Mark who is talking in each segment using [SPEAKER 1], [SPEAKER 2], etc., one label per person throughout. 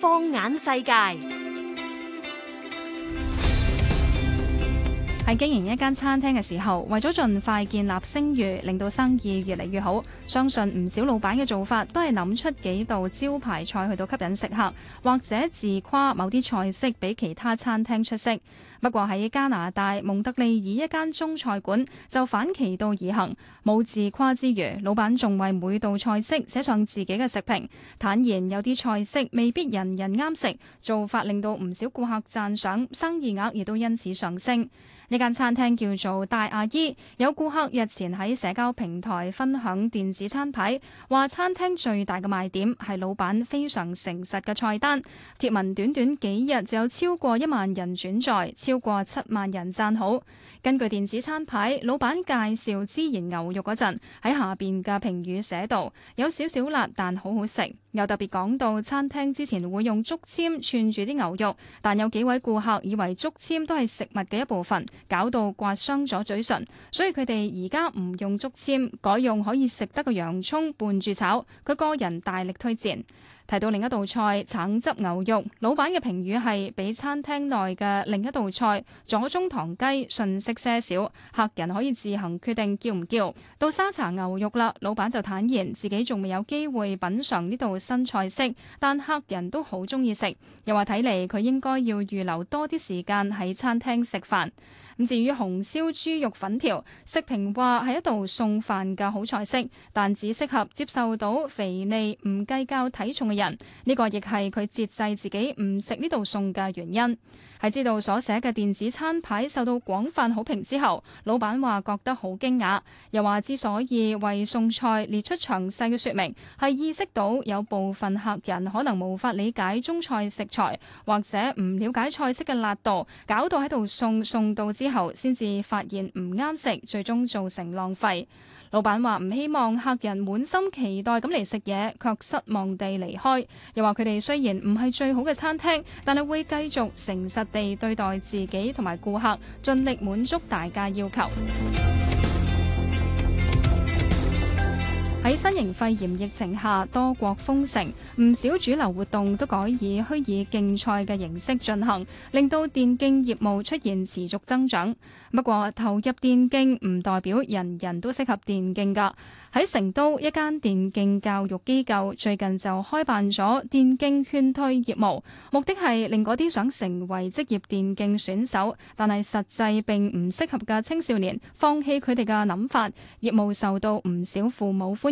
[SPEAKER 1] 放眼世界。喺經營一間餐廳嘅時候，為咗盡快建立聲譽，令到生意越嚟越好，相信唔少老闆嘅做法都係諗出幾道招牌菜去到吸引食客，或者自誇某啲菜式比其他餐廳出色。不過喺加拿大蒙特利爾一間中菜館就反其道而行，冇自誇之餘，老闆仲為每道菜式寫上自己嘅食評，坦言有啲菜式未必人人啱食，做法令到唔少顧客讚賞，生意額亦都因此上升。呢間餐廳叫做大阿姨，有顧客日前喺社交平台分享電子餐牌，話餐廳最大嘅賣點係老闆非常誠實嘅菜單。貼文短短幾日就有超過一萬人轉載，超過七萬人讚好。根據電子餐牌，老闆介紹孜然牛肉嗰陣喺下面嘅評語寫到：有少少辣，但好好食。又特別講到餐廳之前會用竹籤串住啲牛肉，但有幾位顧客以為竹籤都係食物嘅一部分，搞到刮傷咗嘴唇，所以佢哋而家唔用竹籤，改用可以食得嘅洋葱拌住炒。佢個人大力推薦。提到另一道菜橙汁牛肉，老闆嘅評語係比餐廳內嘅另一道菜左宗棠雞遜色些少，客人可以自行決定叫唔叫。到沙茶牛肉啦，老闆就坦言自己仲未有機會品嚐呢道新菜式，但客人都好鍾意食。又話睇嚟佢應該要預留多啲時間喺餐廳食飯。咁至於紅燒豬肉粉條，食評話係一道送飯嘅好菜式，但只適合接受到肥膩唔計較體重嘅人。呢、這個亦係佢節制自己唔食呢度餸嘅原因。喺知道所寫嘅電子餐牌受到廣泛好評之後，老闆話覺得好驚訝，又話之所以為送菜列出詳細嘅說明，係意識到有部分客人可能無法理解中菜食材，或者唔了解菜式嘅辣度，搞到喺度送送到之後，先至發現唔啱食，最終造成浪費。老闆話唔希望客人滿心期待咁嚟食嘢，卻失望地離開，又話佢哋雖然唔係最好嘅餐廳，但係會繼續誠實。地對待自己同埋顧客，盡力滿足大家要求。喺新型肺炎疫情下，多國封城，唔少主流活動都改以虛擬競賽嘅形式進行，令到電競業務出現持續增長。不過，投入電競唔代表人人都適合電競㗎。喺成都一間電競教育機構最近就開辦咗電競勸退業務，目的係令嗰啲想成為職業電競選手但係實際並唔適合嘅青少年放棄佢哋嘅諗法。業務受到唔少父母歡。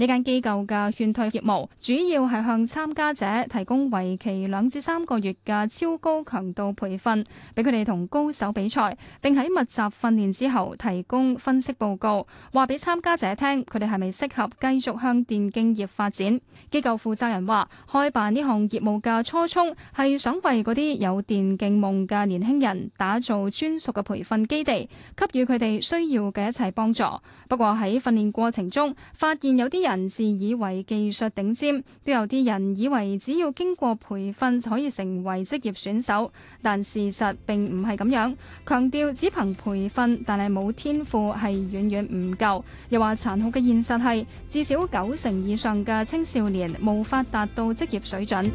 [SPEAKER 1] 呢間機構嘅勸退業務，主要係向參加者提供為期兩至三個月嘅超高強度培訓，俾佢哋同高手比賽，並喺密集訓練之後提供分析報告，話俾參加者聽佢哋係咪適合繼續向電競業發展。機構負責人話：開辦呢項業務嘅初衷係想為嗰啲有電競夢嘅年輕人打造專屬嘅培訓基地，給予佢哋需要嘅一切幫助。不過喺訓練過程中，發現有啲人人自以為技術頂尖，都有啲人以為只要經過培訓就可以成為職業選手，但事實並唔係咁樣。強調只憑培訓，但係冇天賦係遠遠唔夠。又話殘酷嘅現實係，至少九成以上嘅青少年無法達到職業水準。